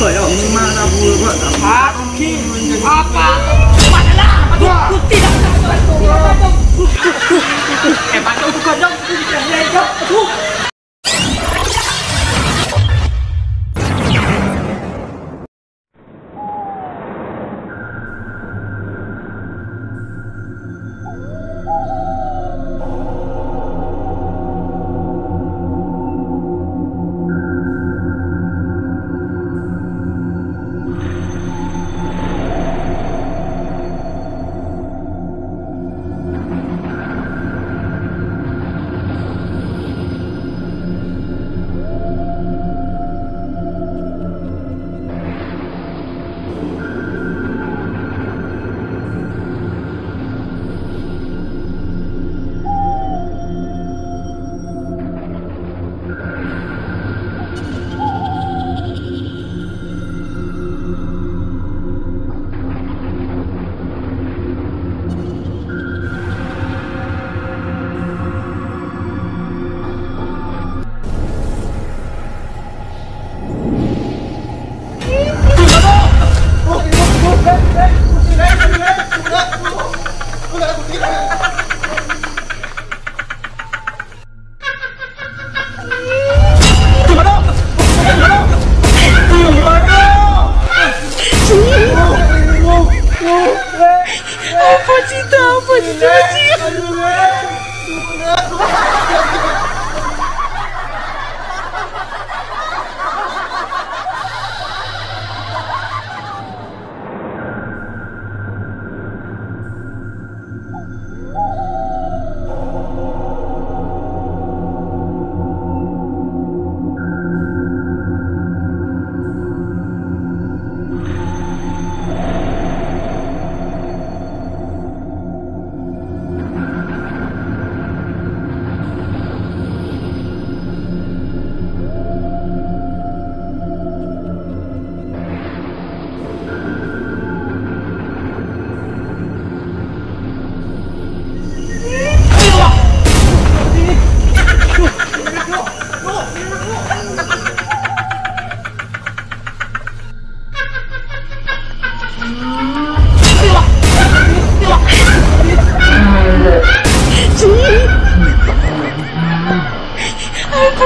khởi động nhưng mà là vừa vợ là apa masalah aku tidak tahu em bắt đầu cơn đông cùng chẳng lên Imagine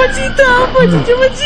不记得，不记，不记。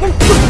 Oh,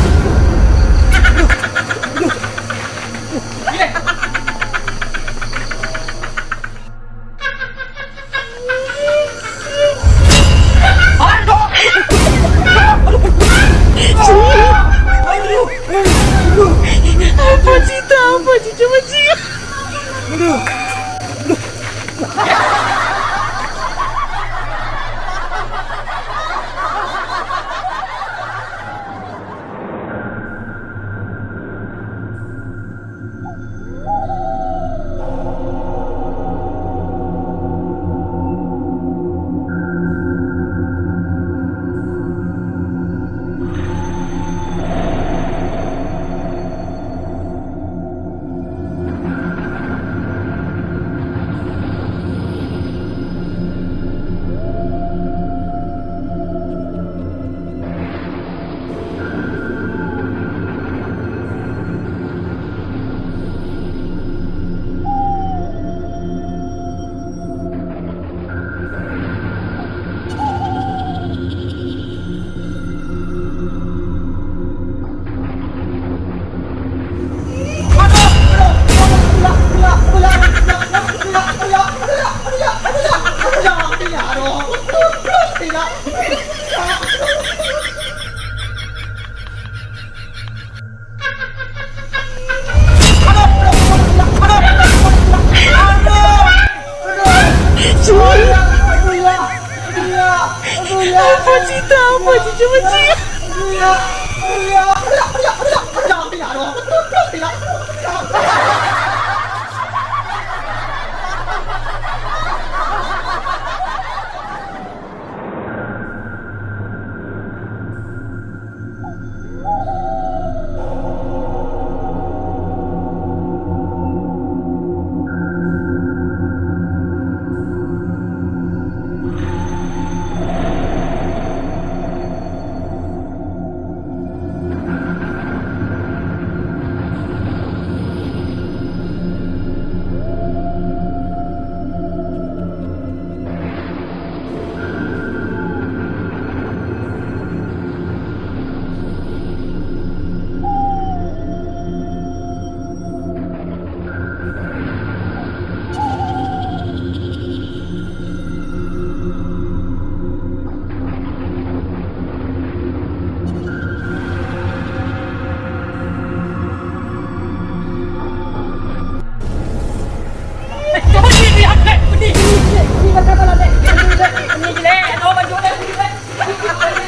我去，不起。别过来！别过来！你进来，那我们进来，进来。